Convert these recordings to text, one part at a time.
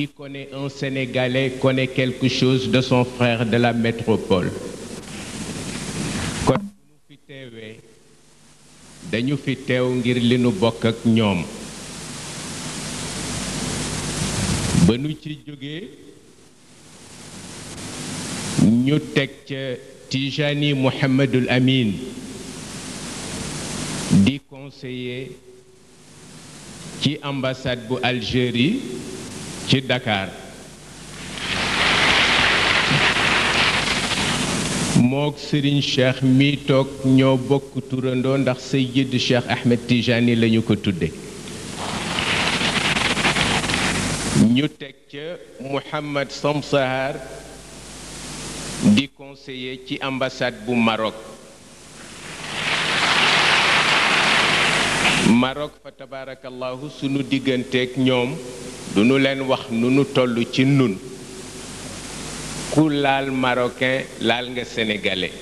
qui connaît un Sénégalais connaît quelque chose de son frère de la métropole nous nous ñu fi dañu fi nous ngir nous bokk Tijani Amin dit conseiller qui ambassade Algérie ci Dakar mook Serigne Cheikh mi toog ñoo bokk turandoo ndax Seyyid Cheikh Ahmed Tijani lañu ko tudde ñu teg ca Mouhamad Samsahar di conseiller ci ambassade bu Maroc Maroc fa tabaarakallahu sunu digganteeg ñoom du nu leen wax nu nu toll ci nun ku laal marocain laal nga sénégalais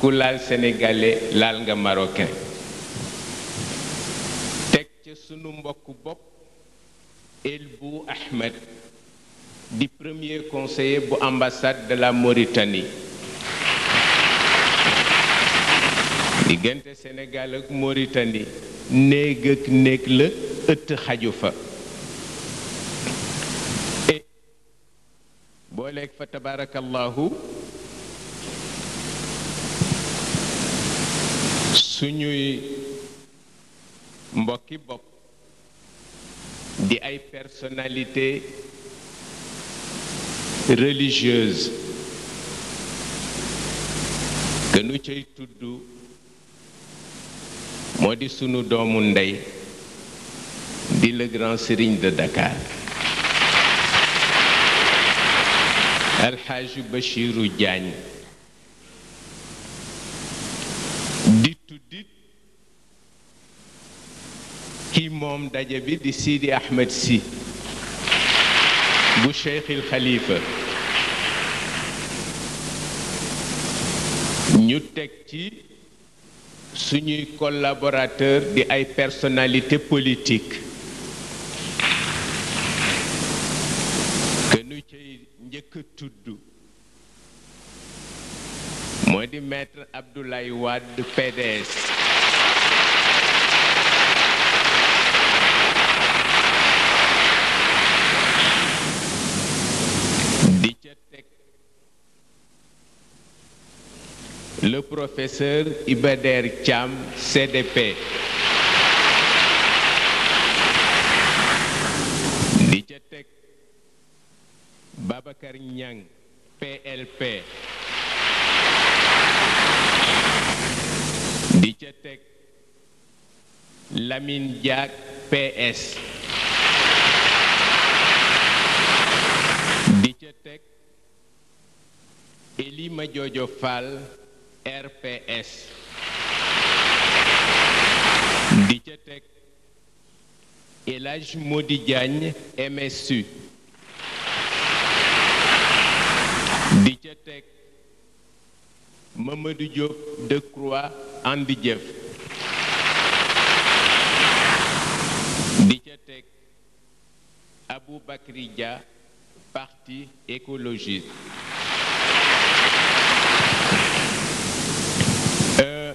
ku laal sénégalais laal nga marocain teg ca sunu mbokk bopp El Bou Ahmed di premier conseiller bu ambassade de la Mauritanie diggante Sénégal ak Mauritanie néeg ak néeg la ëtt xaju fa booleeg fa tabaarakallaahu suñuy mbokki bopp di ay personnalité religieuse gënu cay tudd moo di sunu doomu ndey di le grand serigne de Dakar alxaaju Bachiru Jaañ di tuddit ki moom daje bi di Sidi Ahmed Sy bu Cheikh Khalifa ñu teg ci suñuy collaborateur di ay personalite politik tudd le maître Abdoulaye Wade PDS le professeur Ibader Cham, CDP PLP Dijetek laminjak PS Dijetek Elima RPS Dijetek elaj teg MSU ca teg Mamadou Diop Croix, andi jëf di parti écologiste euh,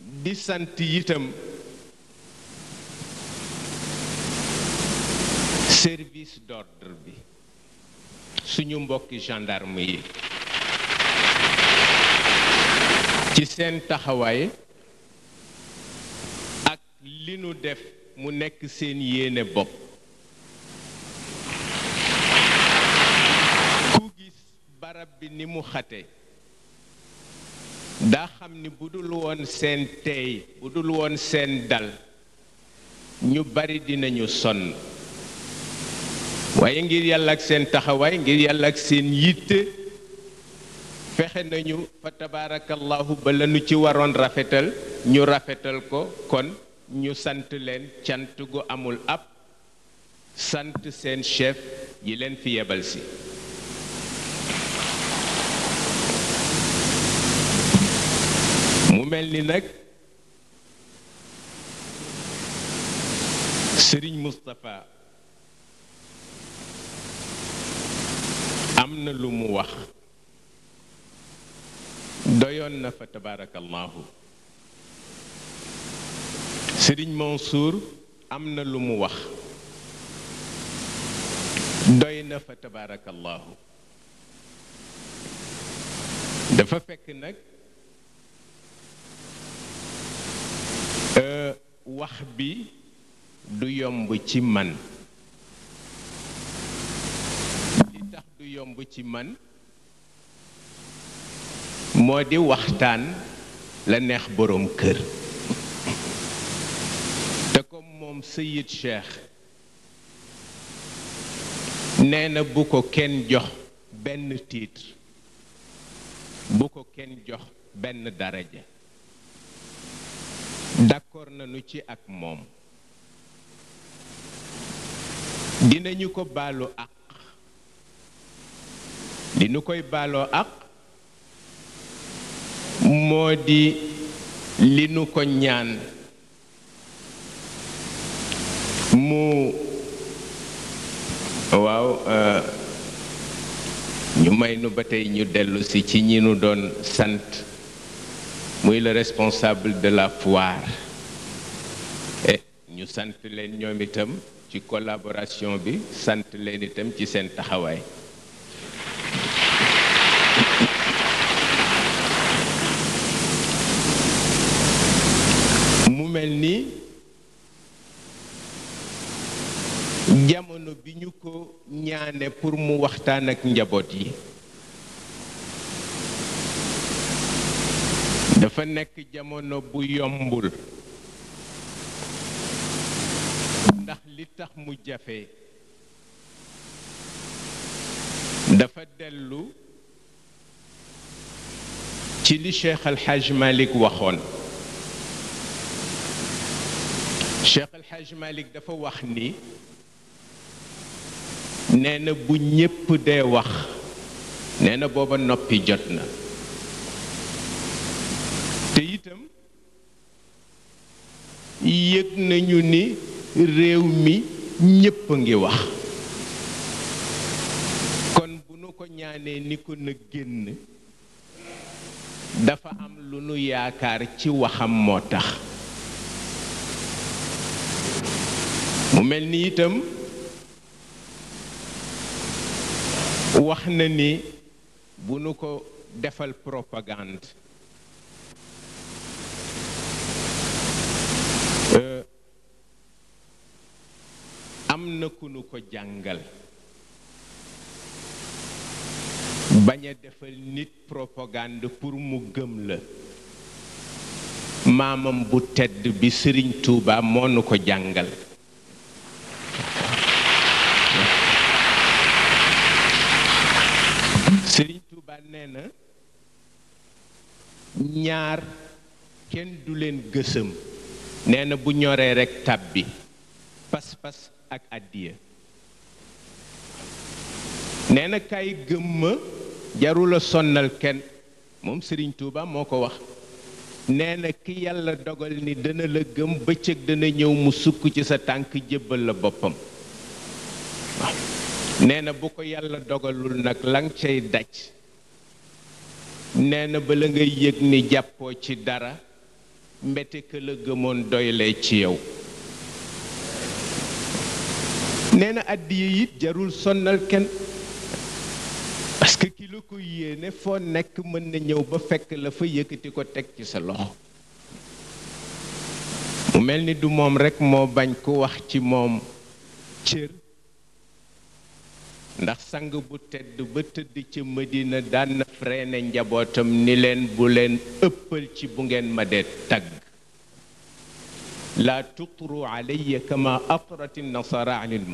di service d'ordre suñu mbokki gendarme yi ci seen taxawaay ak li nu def mu nekk seen yéene bopp ku gis barab bi ni mu xate daa xam ni bu dul woon seen teey bu woon seen dal ñu bari dinañu sonn waaye ngir yàlla ak seen taxawaay ngir yàlla ak seen yitte fexe nañu fa tabaarakallahu ba lanu ci waroon rafetal ñu rafetal ko kon ñu sant leen cant gu amul ab sant seen chef yi leen fi yebal si mu mel ni nag sëriñ Moustapha am na lu mu wax doyoon na fa tabaarakallaahu Sëriñ Mansour am na lu mu wax doy na fa tabaarakallaahu dafa fekk nag wax bi du yomb ci man du yomb ci man moo di waxtaan la neex boroom kër te comme moom Seyid Cheikh nee na bu ko kenn jox benn titre bu ko kenn jox benn daraja d'accord nañu ci ak moom dinañu ko baalu ak li nu koy ak modi li nu ko ñaan mu waaw euh, ñu may nu ba tey ñu dellu si ci ñi nu doon sant muy le responsable de la foire e ñu sant leen ñoom itam ci collaboration bi sant leen itam ci seen taxawaay ni jamono bi ñu ko ñaane pour mu waxtaan ak njaboot yi dafa nekk jamono bu yombul ndax li tax mu jafe dafa dellu ci li Cheikh Al Hadj waxoon Hadj Malick dafa wax ni nee na bu ñépp dee wax nee na booba noppi jot na te itam yëg nañu ni réew mi ñépp a ngi wax kon bu nu ko ñaanee ni ko na génn dafa am lu nu yaakaar ci waxam moo tax mu mel ni itam wax na ni bu nu ko defal propagande euh, am na ku nu ko jàngal bañ a defal nit propagande pour mu gëm la maamam bu tedd bi Sëriñ Tuuba moo nu ko jàngal Sëriñ Tuuba nee na ñaar kenn du leen gësëm nee na bu ñoree rekk tàbbi pas-pas ak àddiya nee na kaay gëm ma jarula sonnal kenn moom Sëriñ Tuuba moo ko wax nee na ki yàlla dogal ni dana la gëm bëccëg dana ñëw mu sukk ci sa tànk jébbal la boppam nee na bu ko yàlla dogalul nag lang cay daj neena na ba la ngay yëg ni jàppoo ci dara mbete ka la gëmoon doyle ci yow nee na àddiya jarul sonnal kenn parce que ki la ko yéene foo nekk mën na ñëw ba fekk la fa yëkkati ko teg ci sa loxo mu mel ni du moom rekk moo bañ ku wax ci moom cër ndax sang bu tedd ba tëdd ca Medina daan na freine njabootam ni leen bu leen ëppal ci bu ngeen ma dee tagg laa tutru alayya kama atrati nasara an il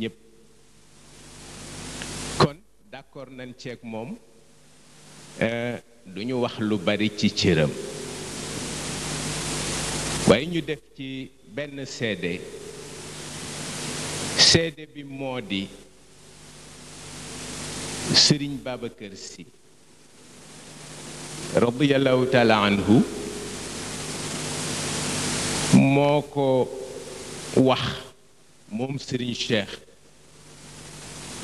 ñépp kon d'accord nañ ceeg moom euh, du ñu wax lu bari ci cëram way ñu def ci benn seede seede bi moo di sëriñ Babacar Sy radiallahu taala anhu moo ko wax moom sëriñ Cheikh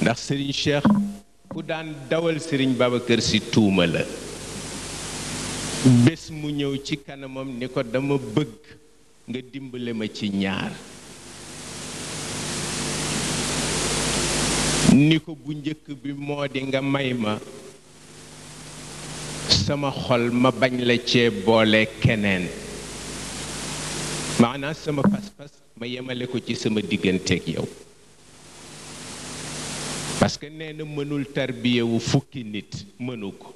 ndax sëriñ Cheikh ku daan dawal sëriñ Babacar Sy tuuma la bés mu ñëw ci kanamam ni ko dama bëgg nga dimbale ma ci ñaar ni ko bu njëkk bi moo di nga may ma sama xol ma bañ la cee boole keneen maanaa sama pas-pas ma yemale ko ci sama digganteeg yow parce que nee na mënul tarbiye fukki nit mënu ko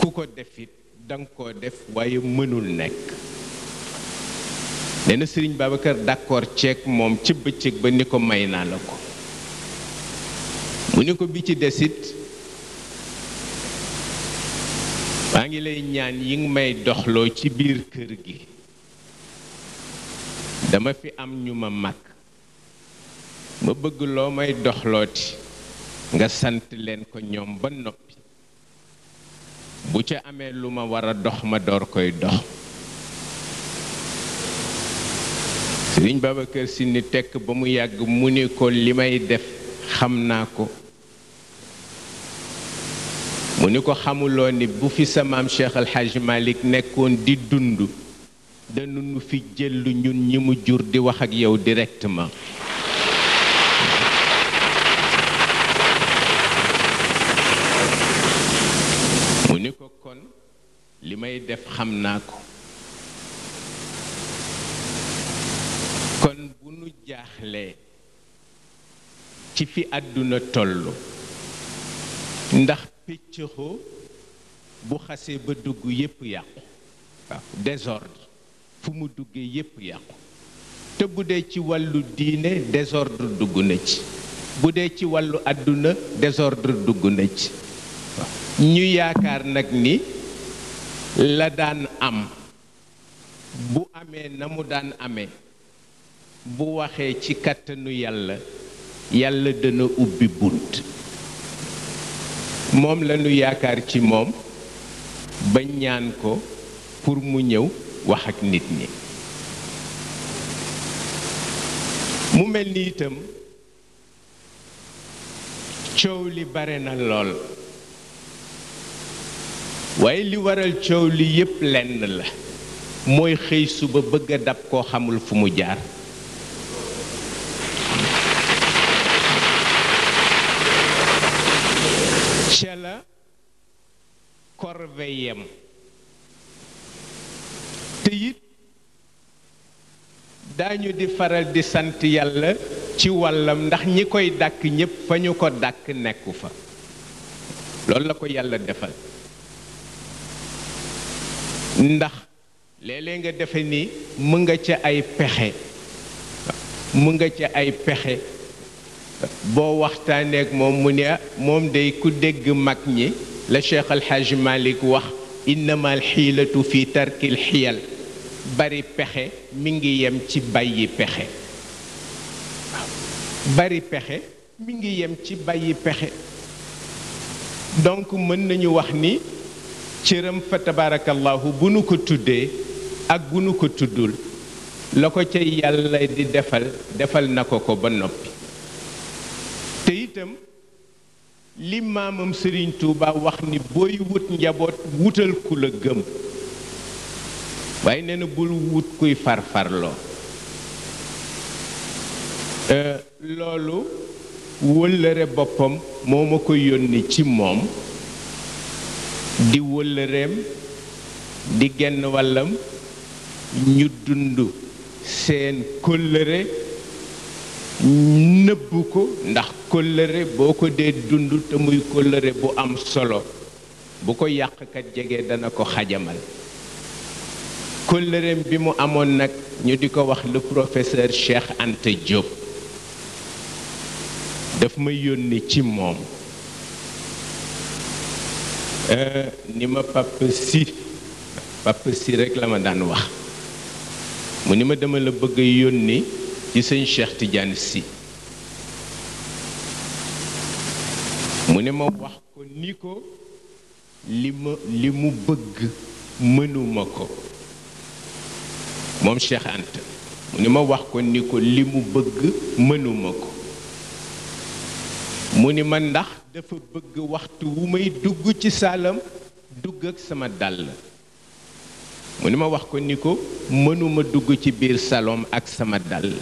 ku ko defit danga koo def waaye mënul nekk nee na Sëriñ Babacar d'accord ceeg moom ci bëccëg ba ni ko may naa la ko mu ni ko bi ci desit maa ngi lay ñaan yi ngi may doxloo ci biir kër gi dama fi am ñu ma mag ma bëgg loo may doxlooti nga sant leen ko ñoom ba noppi bu ca amee lu ma war dox ma door koy dox sëriñ Babacar Si ni tekk ba mu yàgg mu ni ko li may def xam naa ko muniko xamuloni bu fi sa mam Cheikh El Hadj Malick nekkoon di dund dañu fi jël ñun ñi mu jur di wax ak yow directement. muniko kon limay def xamna ko. kon bu nu jaxlé ci fi aduna tollu ndax. pëccëxoo bu xasee ba dugg yépp yàqu waaw fu mu duggee yépp yàqu te bu dee ci wàllu diine désordre dugg na ci bu dee ci wàllu àdduna désordre dugg na ci ñu yaakaar nag ni la daan am bu amee na mu daan ame bu waxee ci kàttanu yàlla yàlla dana ubbi bunt moom lanu yaakaar ci moom ba ñaan ko pour mu ñëw wax ak nit ñi mu mel ni itam coow li bare na lool waaye li waral coow li yépp lenn la mooy xëy suba bëgg dab koo xamul fu mu jaar veillem te it di faral di sant yàlla ci wàllam ndax ñi koy dàkk ñépp fa ñu ko dàkk nekku fa loolu la ko yàlla defal ndax léeg-léeg nga defe ni mu nga ca ay pexe mu nga ca ay pexe boo waxtaaneek moom mu ne moom day ku dégg mag ñi la cheikh alxaaj malik wax innama alxiilatu fi tarkil xiyal bari pexe mi ngi yem ci bàyyi pexe bari pexe mi ngi yem ci bàyyi pexe donc mën nañu wax ni cëram fa tabarakallahu bu nu ko tuddee ak bu nu ko tuddul la ko yàlla di defal defal na ko ko ba noppi te itam li maamam Sëriñ Tuuba wax ni booy wut njaboot wutal ku la gëm waaye nee na bul wut kuy farfarloo euh, loolu wëllëre boppam moo ma ko yónni ci moom di wëllëreem di genn wàllam ñu dund seen kóllëre nëbb ko ndax kóllëre boo ko dee dund te muy kóllëre bu am solo bu ko yàqkat jege dana ko xajamal kóllëreem bi mu amoon nag ñu di ko wax le professeur Cheikh ante Diop daf ma yónni ci moom euh, ni ma pàpp si rek la ma daan wax mu ni ma dama la bëgg yónni ci sëñ Cheikh Tidiane si mu ne ma wax ko ni ko li ma li mu bëgg mënuma ko moom Cheikh Anta mu ne ma wax ko ni ko li mu bëgg mënuma ko mu ni ma ndax dafa bëgg waxtu wu may dugg ci saalam dugg ak sama dàll mu ni ma wax ko ni ko mënuma dugg ci biir salom ak sama dàll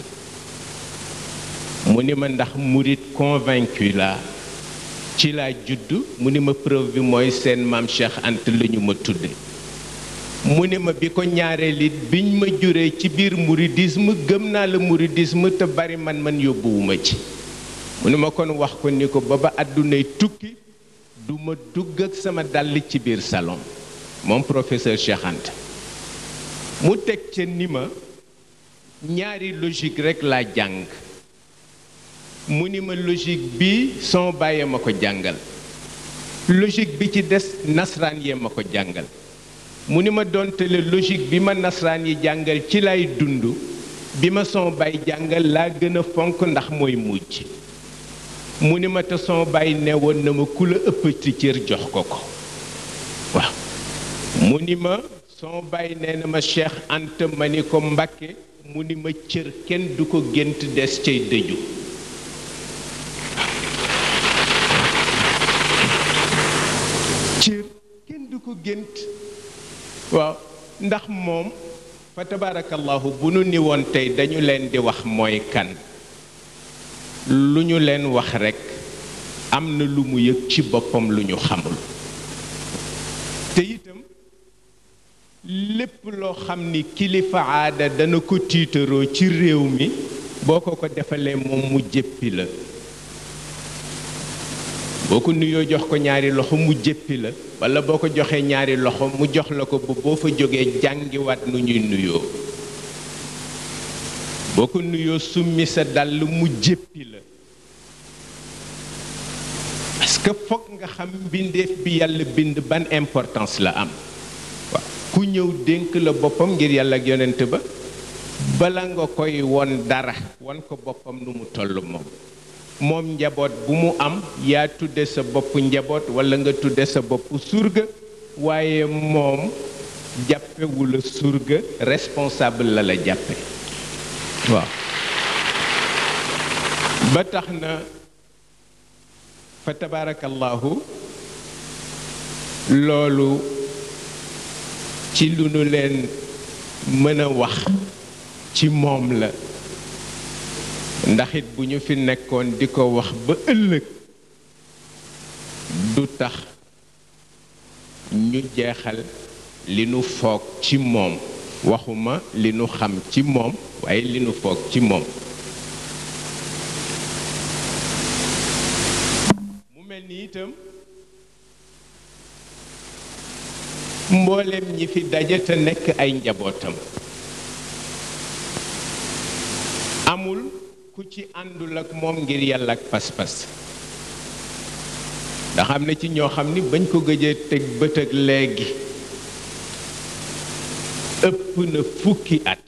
mu ni ma ndax murit convaincu la ci laa judd mu ni ma preuve bi mooy seen maam Cheikh Anta la ma tudde mu ni ma bi ko ñaareel it biñ ma juree ci biir mouridisme gëm naa la mouridisme te bari man man yóbbuwuma ci mu ni ma kon wax ko ni ko ba ba àddunay tukki du ma dugg ak sama dàll ci biir salon moom professeur Cheikh mu teg ca ni ma ñaari logique rekk laa jàng mu ni ma logique bi son bàyyee ma ko jàngal logique bi ci des nasraan yee ma ko jàngal mu ni ma dontale logique bi ma nasraan yi jàngal ci lay dund bi ma son baay jàngal laa gën a fonk ndax mooy mujj mu ni ma te son baay ne woon na ma ku la ëppati cër jox ko ko waaw mu ni ma son baay nee na ma Cheikh Anta ma ni ko Mbàkke mu ni ma cër kenn du ko gént des cay dëju gént waaw ndax moom fa tabaarakallahu bu nu ni woon tey dañu leen di wax mooy kan lu ñu leen wax rekk am na lu mu yëg ci boppam lu ñu xamul te itam lépp loo xam ni kilifa aada dana ko tiitaroo ci réew mi boo ko ko defalee moom mu jéppi la boo ko nuyoo jox ko ñaari loxo mu jéppi la walla boo ko joxee ñaari loxo mu jox la ko bu boo fa jógee jàngiwaat nu ñuy nuyoo boo ko nuyoo summi sa dàll mu jéppi la parce que foog nga xam mbindeef bi yàlla bind ban importance la am waaw ku ñëw dénk la boppam ngir yàlla ak yonent ba bala nga koy won dara won ko boppam nu mu toll moom moom njaboot bu mu am yaa tudde sa bopp njaboot walla nga tudde sa bopp surga waaye moom jàppewu la surga responsable la la jàppe waaw ba tax na fa tabaarakallaahu loolu ci lu nu leen mën a wax ci moom la ndaxit bu ñu fi nekkoon di ko wax ba ëllëg du tax ñu jeexal li nu foog ci moom waxuma li nu xam ci moom waaye li nu foog ci moom mu mel ni itam mboolem ñi fi daje te nekk ay njabootam ku ci àndul ak moom ngir yàlla ak pas-pas ndax na ci ñoo xam ni bañ koo gëjee teg bët léegi ëpp na fukki at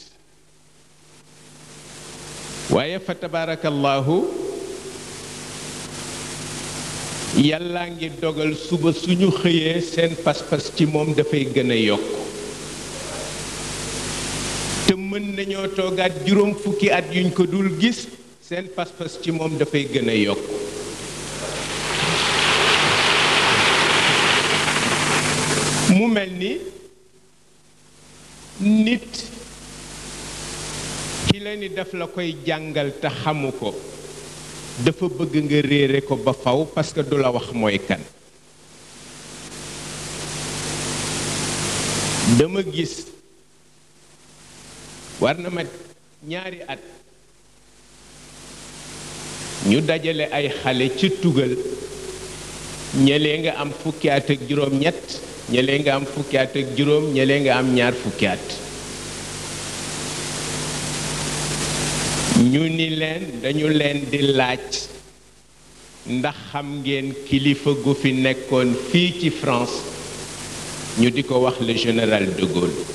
waaye fa tabaarakallaahu yàllaa ngi dogal suba suñu xëyee seen pas-pas ci moom dafay gëna a yokk ñoo toogaat juróom fukki at yuñ ko dul gis seen pas-pas ci moom dafay gën a yokk mu mel ni nit ki la ni daf la koy jàngal te xamu ko dafa bëgg nga réere ko ba faw parce que du la wax mooy kan dama gis war na mat ñaari at ñu dajale ay xale ci tugal ñelee nga am fukki at ak juróom ñett nga am fukki at nga am ñaar fukki at ñu ni leen dañu leen di laaj ndax xam ngeen kilifa gu fi nekkoon fii ci France ñu di ko wax le général de Gaulle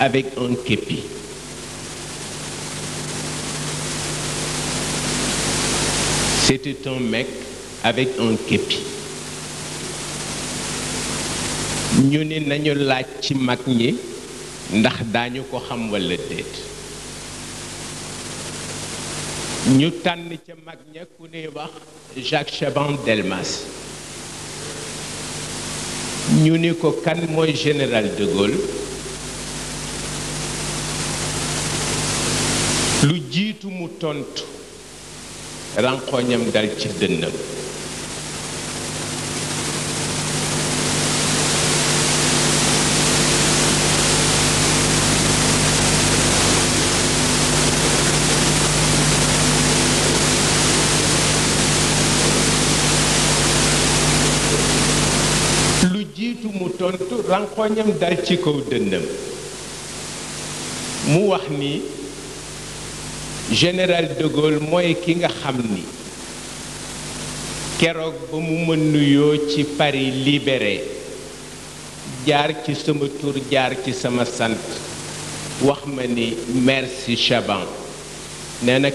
avec un képi. C'était un mec avec un képi. ñu ne nañu laaj ci mag ñi ndax Nous ko xam ñu Nous ku wax Jacques Chaban Delmas Nous ne ko kan général de Gaulle jiitu lu jiitu mu tontu rankoñam dal ci kaw dënnam mu wax nii général de Gaulle moi ki nga xamni kérok ba mu ci Paris libéré jaar ci sama tour, jaar ci sama wax ma ni merci Chaban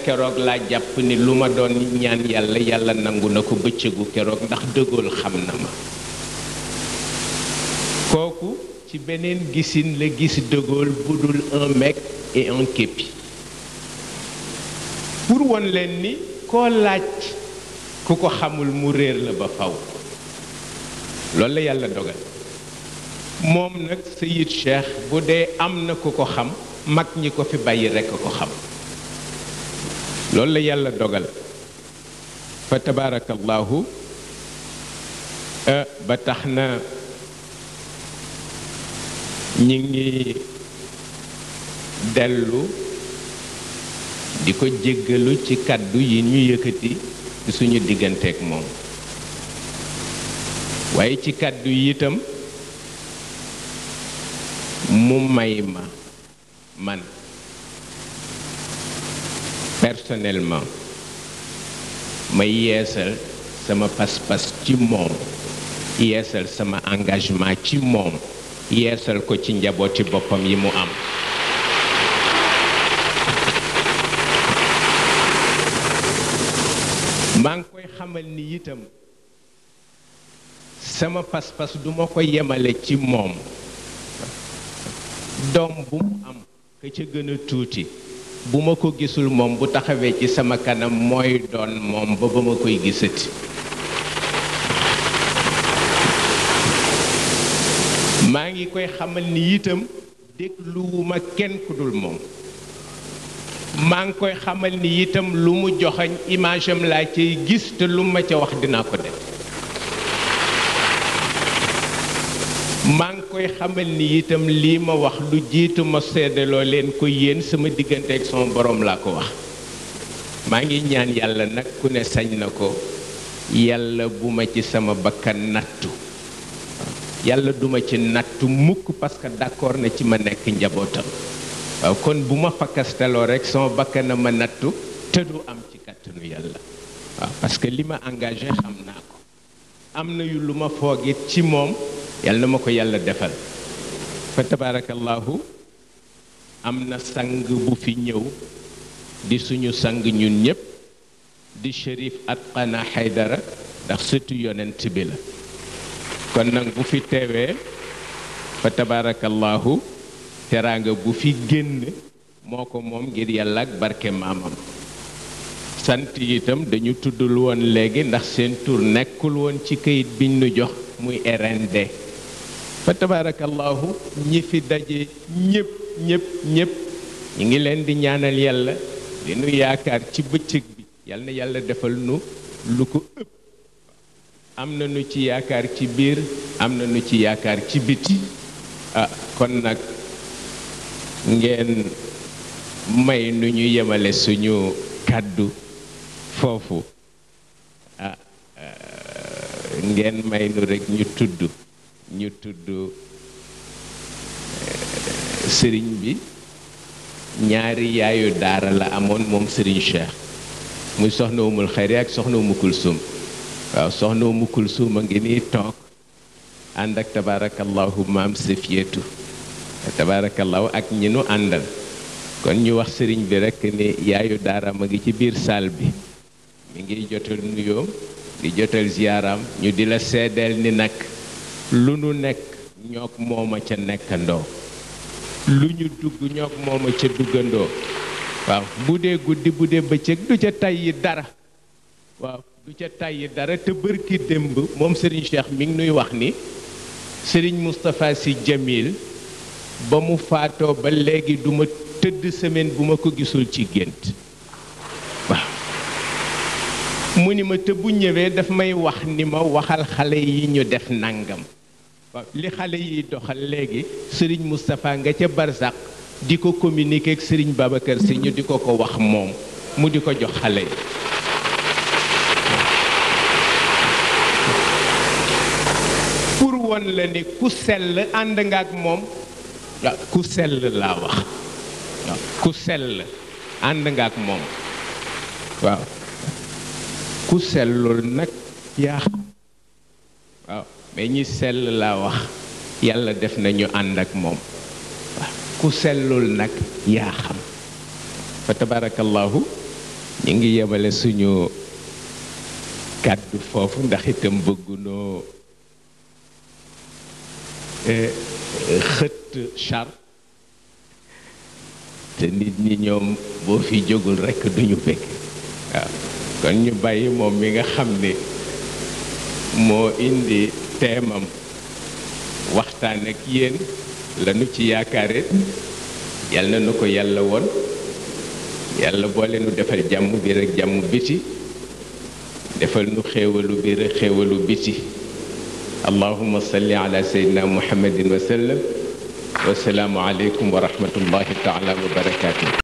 kérok la japp ni luma doon ñaan de Gaulle xam ma koku ci benen gisin de Gaulle budul un mec et un képi won leen ni koo laaj ku ko xamul mu réer la ba faw loolu la yàlla dogal moom nag Sayid Cheikh bu dee am na ku ko xam mag ñi ko fi bàyyi rekk ko xam la yàlla dogal fa tabaarakallaahu eh, ba tax na ñi ngi dellu di ko jéggalu ci kàddu yi ñu yëkkati ci suñu digganteeg moom waaye ci kàddu yitam mu may ma man personnellement may yeesal sama pas-pas ci moom yeesal sama engagement ci moom yeesal ko ci njabooti boppam yi mu am xamal ni itam sama pas-pas du ko yemale ci moom doom bu mu am ka ca gën tuuti bu ma ko gisul moom bu taxawee ci sama kanam mooy doon moom ba ba ma koy gisati maa ngi koy xamal ni itam dégluwuma kenn ku dul moom maa ngi koy xamal ni itam lu mu joxoñ image am laa ciy gis te lu ma ca wax dinaa ko def maa ngi koy xamal ni itam lii ma wax lu jiitu ma seddaloo leen ko yéen sama diggante ak sama borom laa ko wax maa ngi ñaan yàlla nag ku ne sañ na ko yàlla bu ma ci sama bakkan nattu yàlla duma ci nattu mukk parce que d'accord na ci ma nekk njabootam waaw kon bu ma fakastaloo rek sama bakkan a ma nattu te du am ci kàttanu yàlla waaw parce que li ma engage xam naa ko am na yu lu ma foogit ci moom yàlla na ma ko yàlla defal fa tabaarakallaahu am na sang bu fi ñëw di suñu sang ñun ñépp di shérif Atqana Haydara ndax sëtu yonent bi la kon nag bu fi teewee fa tabaarakallaahu teraanga bu fi génn moo ko moom ngir yàlla ak barke maamam sant itam dañu tuddul woon léegi ndax seen tur nekkul woon ci kayit biñ nu jox muy RND fa tabaarakallaahu ñi fi daje ñépp ñépp ñépp ñi ngi leen di ñaanal yàlla li nu yaakaar ci bëccëg bi yal na yàlla defal nu lu ko ëpp am na nu ci yaakaar ci biir am na nu ci yaakaar ci biti ah, kon nag ngeen may nu ñu yemale suñu kàddu foofu ah, euh, ngeen may nu rekk ñu tudd ñu tudd euh, sëriñ bi ñaari yaayu daara la amoon moom sëriñ Cheikh muy soxna umul xayri ak soxna umu kulsum waaw soxna umu kulsum a ngi nii toog ànd ak tabaarakallaahu maam sëfiyatu tabaarakallaahu ak ñi nu àndal kon ñu wax sëriñ bi rekk ni yaayu daaraam a ngi ci biir saal bi mi ngi jotal nuyoom di jotal ziyaaraam ñu di la seedeel ni nag lu nu nekk ñook mooma ca nekkandoo lu ñu dugg ñook mooma ca duggandoo waaw bu dee guddi bu dee bëccëg du ca tàyyi dara waaw du ca tàyyi dara te bërki démb moom sëriñ Cheikh mi nuy wax ni sëriñ Moustapha si Jamil ba mu faatoo ba léegi duma tëdd semaine bu ma ko gisul ci gént mu ni ma te bu ñëwee dafa may wax ni ma waxal xale yi ñu def nangam li xale yiy doxal léegi Serigne Moustapha nga ca Barzak di ko communiqué ak Serigne Babacar si ñu di ko ko wax moom mu di ko jox xale yi pour woon la ni ku sell ànd nga ak moom waaw ku sell laa wax waaw ku sell ànd nga ak moom waaw ku sellul nag yaa xam waaw mais ñi sell laa wax yàlla def nañu ñu ànd ak moom ku sellul nag yaa xam fa tabarakallahu ñu ngi yemale suñu kàddu foofu ndax itam bëggunoo eh, xëtt char te nit ñi ñoom boo fi jógul rekk duñu bëgg waaw kon ñu bàyyi moom mi nga xam ni moo indi teemam waxtaan ak yéen lanu ci yaakaare yal na nu ko yàlla woon yàlla boole nu defal jàmm bi rekk jàmm bi biti defal nu xéewalu biir ak xéewalu biti اللهم صل على سيدنا محمد وسلم والسلام عليكم ورحمة الله تعالى وبركاته